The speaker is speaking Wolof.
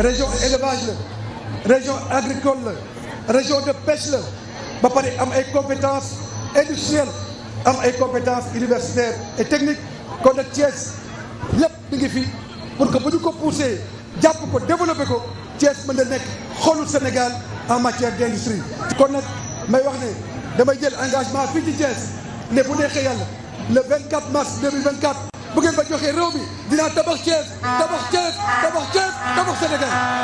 région élevage la région agricole la région de pêche la ba pare am ay compétences industrielles am ay compétences universitaires et technique kon nag Thiès lépp ngi fi pour que bu ñu ko poussé jàpp ko développé ko Thiès mën na nekk xolu Sénégal en matière d' industrie. kon nag may wax ne damay jël engagement fii ci Thiès ne bu neexee yàlla le 24 mars 2024 bu ngeen ba joxee réew mi dinaa tabax Thiès tabax Thiès tabax. Sénégal